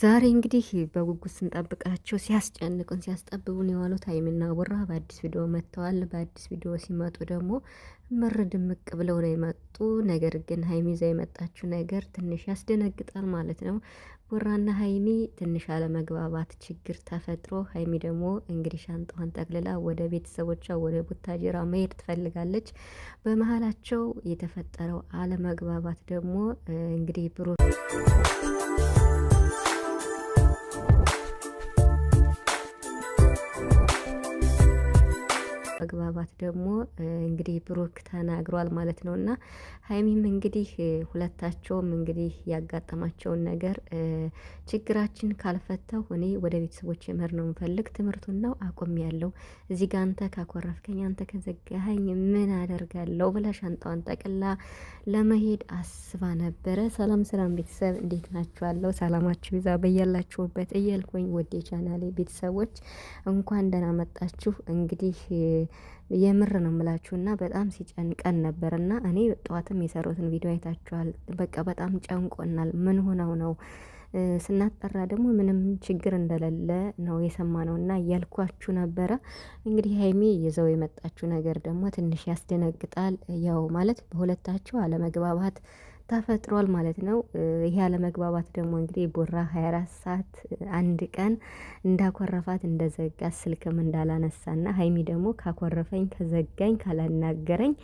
ዛሬ እንግዲህ በጉጉት ስንጠብቃቸው ሲያስጨንቁን ሲያስጠብቡን የዋሉት ሀይሚና ቡራ በአዲስ ቪዲዮ መጥተዋል። በአዲስ ቪዲዮ ሲመጡ ደግሞ ምር ድምቅ ብለው ነው የመጡ። ነገር ግን ሀይሚ ዛ የመጣችው ነገር ትንሽ ያስደነግጣል ማለት ነው። ቡራና ሀይሚ ትንሽ አለመግባባት ችግር ተፈጥሮ ሀይሚ ደግሞ እንግዲህ ሻንጣዋን ጠቅልላ ወደ ቤተሰቦቿ ወደ ቡታጅራ መሄድ ትፈልጋለች። በመሀላቸው የተፈጠረው አለመግባባት ደግሞ እንግዲህ ብሩ በመግባባት ደግሞ እንግዲህ ብሩክ ተናግሯል ማለት ነው። እና ሀይሚም እንግዲህ ሁለታቸውም እንግዲህ ያጋጠማቸውን ነገር ችግራችን ካልፈተው እኔ ወደ ቤተሰቦች የምህር ነው ምፈልግ ትምህርቱን ነው አቁም ያለው እዚህ ጋር አንተ ካኮረፍከኝ፣ አንተ ከዘጋኸኝ ምን አደርጋለሁ ብላ ሻንጣዋን ጠቅላ ለመሄድ አስባ ነበረ። ሰላም ሰላም ቤተሰብ እንዴት ናችኋለሁ? ሰላማችሁ ይዛ በያላችሁበት እያልኩኝ ወደ ቻናሌ ቤተሰቦች እንኳን ደህና መጣችሁ እንግዲህ የምር ነው የምላችሁና በጣም ሲጨንቀን ነበር እና እኔ ጠዋትም የሰሩትን ቪዲዮ አይታችኋል። በቃ በጣም ጨንቆናል። ምን ሆነው ነው ስናጠራ ደግሞ ምንም ችግር እንደሌለ ነው ነው እና እያልኳችሁ ነበረ። እንግዲህ ሀይሚ ይዘው የመጣችሁ ነገር ደግሞ ትንሽ ያስደነግጣል። ያው ማለት በሁለታችሁ አለመግባባት ተፈጥሯል ማለት ነው። ይሄ አለመግባባት ደግሞ እንግዲህ ቦራ 24 ሰዓት አንድ ቀን እንዳኮረፋት እንደዘጋ ስልክም እንዳላነሳና ሀይሚ ደግሞ ካኮረፈኝ ከዘጋኝ ካላናገረኝ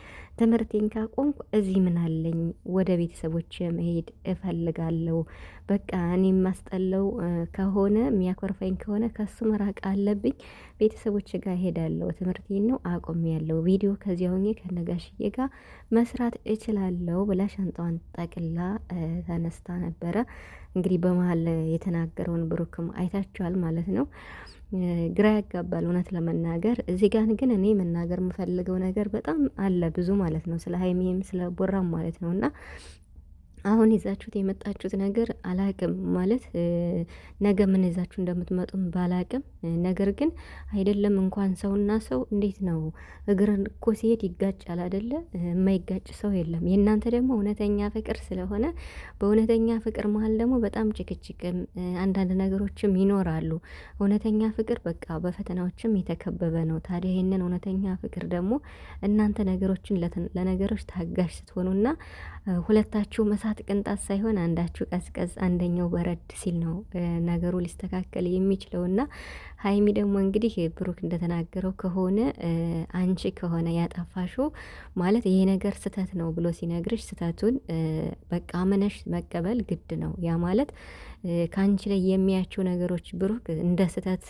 ትምህርቴን ካቆምኩ እዚህ ምን አለኝ ወደ ቤተሰቦች መሄድ እፈልጋለሁ። በቃ እኔ የማስጠለው ከሆነ የሚያኮርፈኝ ከሆነ ከሱ መራቅ አለብኝ። ቤተሰቦች ጋር ሄዳለሁ። ትምህርቴን ነው አቆም ያለው ቪዲዮ ከዚያ ሆኜ ከነጋሽዬ ጋር መስራት እችላለሁ ብላ ሻንጣዋን ጠቅላ ተነስታ ነበረ። እንግዲህ በመሀል የተናገረውን ብሩክም አይታችኋል ማለት ነው። ግራ ያጋባል እውነት ለመናገር እዚህ ጋር ግን እኔ መናገር የምፈልገው ነገር በጣም አለ ብዙ ማለት ነው። ስለ ሀይሚም ስለ ቦራም ማለት ነው እና አሁን ይዛችሁት የመጣችሁት ነገር አላቅም ማለት ነገ ምን ይዛችሁ እንደምትመጡም ባላቅም፣ ነገር ግን አይደለም እንኳን ሰውና ሰው እንዴት ነው እግር እኮ ሲሄድ ይጋጫል አይደለ? የማይጋጭ ሰው የለም። የእናንተ ደግሞ እውነተኛ ፍቅር ስለሆነ በእውነተኛ ፍቅር መሀል ደግሞ በጣም ጭቅጭቅም አንዳንድ ነገሮችም ይኖራሉ። እውነተኛ ፍቅር በቃ በፈተናዎችም የተከበበ ነው። ታዲያ ይህንን እውነተኛ ፍቅር ደግሞ እናንተ ነገሮችን ለነገሮች ታጋሽ ስትሆኑና ሁለታችሁ መሳ ቅንጣት ቅንጣት ሳይሆን አንዳችሁ ቀዝቀዝ አንደኛው በረድ ሲል ነው ነገሩ ሊስተካከል የሚችለውና ሀይሚ ደግሞ እንግዲህ ብሩክ እንደተናገረው ከሆነ አንቺ ከሆነ ያጠፋሹ ማለት ይሄ ነገር ስህተት ነው ብሎ ሲነግርሽ ስህተቱን በቃ አምነሽ መቀበል ግድ ነው። ያ ማለት ከአንቺ ላይ የሚያቸው ነገሮች ብሩክ እንደ ስህተት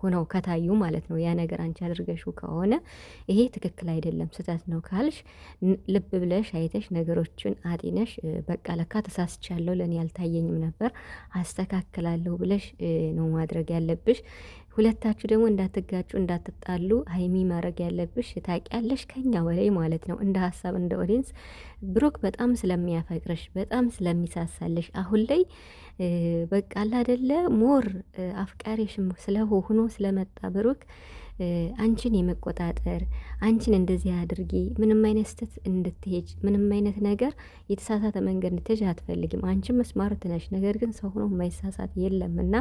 ሆነው ከታዩ ማለት ነው። ያ ነገር አንቺ አድርገሹ ከሆነ ይሄ ትክክል አይደለም ስህተት ነው ካልሽ ልብ ብለሽ አይተሽ ነገሮችን አጢነሽ በቃ ለካ ተሳስቻለሁ፣ ለእኔ አልታየኝም ነበር፣ አስተካክላለሁ ብለሽ ነው ማድረግ ያለብሽ። ሁለታችሁ ደግሞ እንዳትጋጩ እንዳትጣሉ ሀይሚ ማድረግ ያለብሽ ታውቂያለሽ፣ ከኛ በላይ ማለት ነው። እንደ ሀሳብ እንደ ኦዲንስ ብሩክ በጣም ስለሚያፈቅረሽ በጣም ስለሚሳሳለሽ አሁን ላይ በቃ አላደለ ሞር አፍቃሪሽም ስለሆኖ ስለመጣ ብሩክ አንቺን የመቆጣጠር አንቺን እንደዚህ አድርጊ፣ ምንም አይነት ስህተት እንድትሄጅ፣ ምንም አይነት ነገር የተሳሳተ መንገድ እንድትሄጅ አትፈልጊም። አንቺን ስማርት ነሽ፣ ነገር ግን ሰው ሆኖ የማይሳሳት የለም እና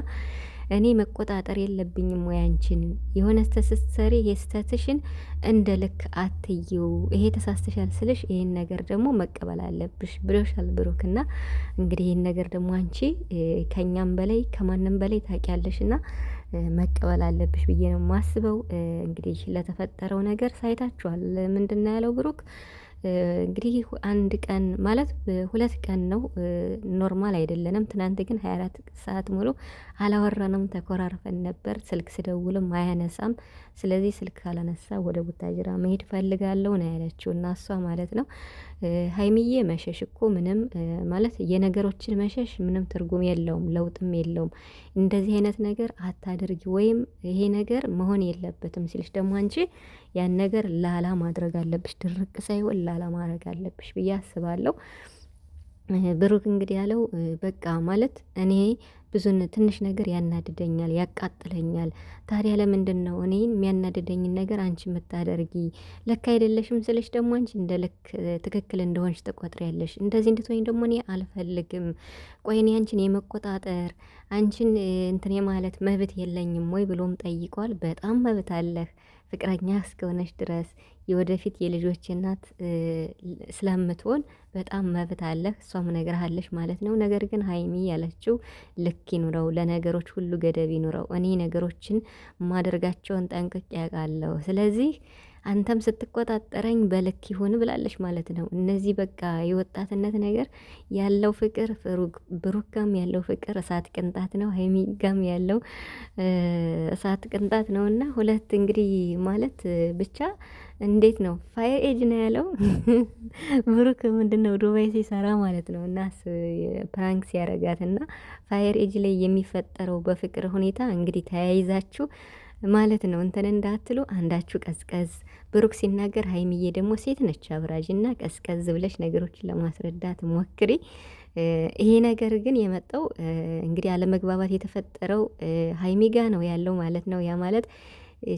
እኔ መቆጣጠር የለብኝም ወይ አንቺን? የሆነ ስህተት ስትሰሪ ይሄ ስህተትሽን እንደ ልክ አትይው፣ ይሄ ተሳስተሻል ስልሽ ይሄን ነገር ደግሞ መቀበል አለብሽ ብሎሻል ብሩክ። እና እንግዲህ ይህን ነገር ደግሞ አንቺ ከእኛም በላይ ከማንም በላይ ታውቂያለሽ እና መቀበል አለብሽ ብዬ ነው የማስበው። እንግዲህ ለተፈጠረው ነገር ሳይታችኋል ምንድን ነው ያለው ብሩክ እንግዲህ አንድ ቀን ማለት ሁለት ቀን ነው፣ ኖርማል አይደለንም። ትናንት ግን አራት ሰዓት ሙሉ አላወራንም፣ ተኮራርፈን ነበር። ስልክ ስደውልም አያነሳም። ስለዚህ ስልክ ካላነሳ ወደ ቡታጅራ መሄድ ፈልጋለሁ ነው ያለችው እና እሷ ማለት ነው ሀይሚዬ መሸሽ እኮ ምንም ማለት የነገሮችን መሸሽ ምንም ትርጉም የለውም፣ ለውጥም የለውም። እንደዚህ አይነት ነገር አታድርጊ ወይም ይሄ ነገር መሆን የለበትም ሲልሽ ደግሞ አንቺ ያን ነገር ላላ ማድረግ አለብሽ፣ ድርቅ ሳይሆን ላላ ማድረግ አለብሽ ብዬ አስባለሁ። ብሩክ እንግዲህ ያለው በቃ ማለት እኔ ብዙን ትንሽ ነገር ያናድደኛል፣ ያቃጥለኛል። ታዲያ ለምንድን ነው እኔን የሚያናድደኝን ነገር አንቺ የምታደርጊ? ልክ አይደለሽም ስልሽ ደግሞ አንቺ እንደ ልክ ትክክል እንደሆንሽ ትቆጥሪያለሽ። እንደዚህ እንድትሆኝ ደግሞ እኔ አልፈልግም። ቆይ እኔ አንቺን የመቆጣጠር አንቺን እንትን የማለት መብት የለኝም ወይ ብሎም ጠይቋል። በጣም መብት አለህ ፍቅረኛ እስከሆነች ድረስ የወደፊት የልጆች እናት ስለምትሆን በጣም መብት አለህ፣ እሷም ነግርሃለች ማለት ነው። ነገር ግን ሀይሚ ያለችው ልክ ይኑረው፣ ለነገሮች ሁሉ ገደብ ይኑረው። እኔ ነገሮችን ማደርጋቸውን ጠንቅቄ ያውቃለሁ። ስለዚህ አንተም ስትቆጣጠረኝ በልክ ይሁን ብላለች ማለት ነው። እነዚህ በቃ የወጣትነት ነገር ያለው ፍቅር ብሩክ ጋም ያለው ፍቅር እሳት ቅንጣት ነው፣ ሀይሚ ጋም ያለው እሳት ቅንጣት ነው። እና ሁለት እንግዲህ ማለት ብቻ እንዴት ነው ፋየር ኤጅ ነው ያለው ብሩክ ምንድን ነው ዱባይ ሲሰራ ማለት ነው። እና ፕራንክ ሲያረጋት እና ፋየር ኤጅ ላይ የሚፈጠረው በፍቅር ሁኔታ እንግዲህ ተያይዛችሁ ማለት ነው። እንትን እንዳትሉ አንዳችሁ ቀዝቀዝ ብሩክ ሲናገር ሀይሚዬ ደግሞ ሴት ነች አብራጅና ቀዝቀዝ ብለሽ ነገሮችን ለማስረዳት ሞክሪ። ይሄ ነገር ግን የመጣው እንግዲህ አለመግባባት የተፈጠረው ሀይሚጋ ነው ያለው ማለት ነው። ያ ማለት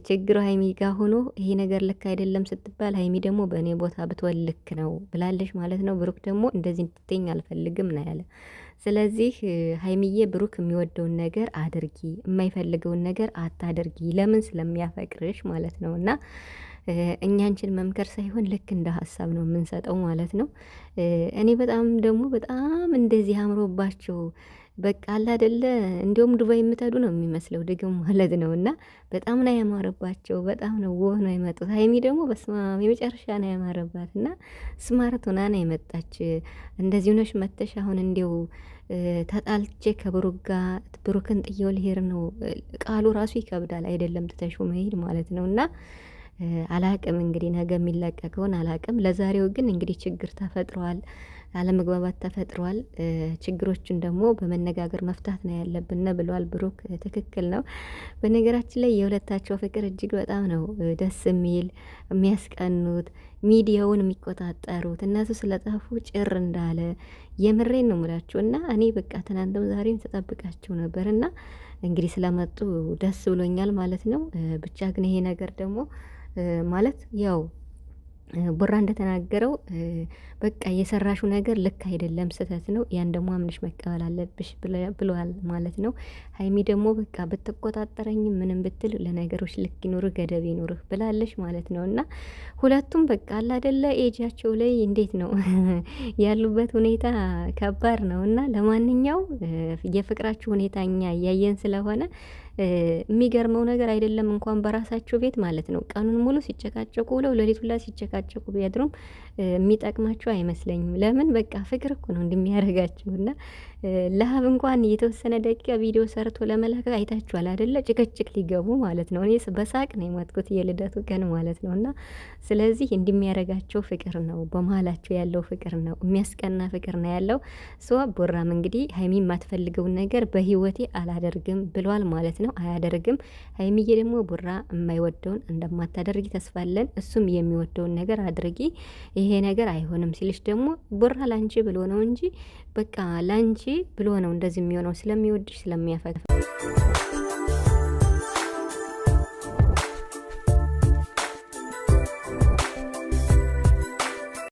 ችግሩ ሀይሚ ጋ ሆኖ ይሄ ነገር ልክ አይደለም ስትባል ሀይሚ ደግሞ በእኔ ቦታ ብትወልክ ነው ብላለች ማለት ነው። ብሩክ ደግሞ እንደዚህ እንድትኝ አልፈልግም ነው ያለ ስለዚህ ሀይሚዬ ብሩክ የሚወደውን ነገር አድርጊ፣ የማይፈልገውን ነገር አታድርጊ። ለምን ስለሚያፈቅርሽ ማለት ነው እና እኛንችን መምከር ሳይሆን ልክ እንደ ሀሳብ ነው የምንሰጠው ማለት ነው። እኔ በጣም ደግሞ በጣም እንደዚህ አምሮባቸው በቃ አለ አይደለ እንዲሁም ዱባይ የምትሄዱ ነው የሚመስለው ድግም ማለት ነው። እና በጣም ነው ያማረባቸው። በጣም ነው ውብ ነው የመጡት። ሀይሚ ደግሞ በስማ የመጨረሻ ነው ያማረባት እና ስማርት ሆና ነው የመጣች። እንደዚህ ነሽ መተሽ አሁን እንዲው ተጣልቼ ከብሩክ ጋር ብሩክን ጥየው ልሄድ ነው ቃሉ ራሱ ይከብዳል አይደለም ትተሹ መሄድ ማለት ነው እና አላቅም እንግዲህ ነገ የሚለቀቀውን አላቅም። ለዛሬው ግን እንግዲህ ችግር ተፈጥሯል። አለመግባባት ተፈጥሯል። ችግሮቹን ደግሞ በመነጋገር መፍታት ነው ያለብን ብለዋል ብሩክ። ትክክል ነው። በነገራችን ላይ የሁለታቸው ፍቅር እጅግ በጣም ነው ደስ የሚል የሚያስቀኑት ሚዲያውን የሚቆጣጠሩት እነሱ ስለጠፉ ጭር እንዳለ የምሬን ነው ሙላችሁ እና እኔ በቃ ትናንትም ዛሬም ተጠብቃችሁ ነበር እና እንግዲህ ስለመጡ ደስ ብሎኛል ማለት ነው። ብቻ ግን ይሄ ነገር ደግሞ ማለት ያው ቡራ እንደተናገረው በቃ የሰራሹ ነገር ልክ አይደለም፣ ስህተት ነው። ያን ደግሞ አምነሽ መቀበል አለብሽ ብለዋል ማለት ነው። ሀይሚ ደግሞ በቃ ብትቆጣጠረኝም ምንም ብትል ለነገሮች ልክ ይኑርህ፣ ገደብ ይኑርህ ብላለች ማለት ነው። እና ሁለቱም በቃ አላደለ ኤጃቸው ላይ እንዴት ነው ያሉበት ሁኔታ ከባድ ነው። እና ለማንኛው የፍቅራችሁ ሁኔታ እኛ እያየን ስለሆነ የሚገርመው ነገር አይደለም እንኳን በራሳቸው ቤት ማለት ነው። ቀኑን ሙሉ ሲጨቃጨቁ ውለው ሌሊቱን ላይ ሲጨቃጨቁ ቢያድሩም የሚጠቅማቸው አይመስለኝም። ለምን በቃ ፍቅር እኮ ነው እንደሚያደርጋቸው እና ለሀብ እንኳን የተወሰነ ደቂቃ ቪዲዮ ሰርቶ ለመላከ አይታችኋል አደለ? ጭቅጭቅ ሊገቡ ማለት ነው። እኔ በሳቅ ነው የማትኩት የልደቱ ቀን ማለት ነው። እና ስለዚህ እንደሚያደርጋቸው ፍቅር ነው፣ በመሀላቸው ያለው ፍቅር ነው፣ የሚያስቀና ፍቅር ነው ያለው። ሶ ቦራም እንግዲህ ሀይሚ የማትፈልገውን ነገር በህይወቴ አላደርግም ብሏል ማለት ነው። ነው አያደርግም። ሀይሚዬ ደግሞ ቡራ የማይወደውን እንደማታደርጊ ተስፋለን። እሱም የሚወደውን ነገር አድርጊ። ይሄ ነገር አይሆንም ሲልሽ ደግሞ ቡራ ላንቺ ብሎ ነው እንጂ በቃ ላንቺ ብሎ ነው እንደዚህ የሚሆነው ስለሚወድሽ ስለሚያፈቅር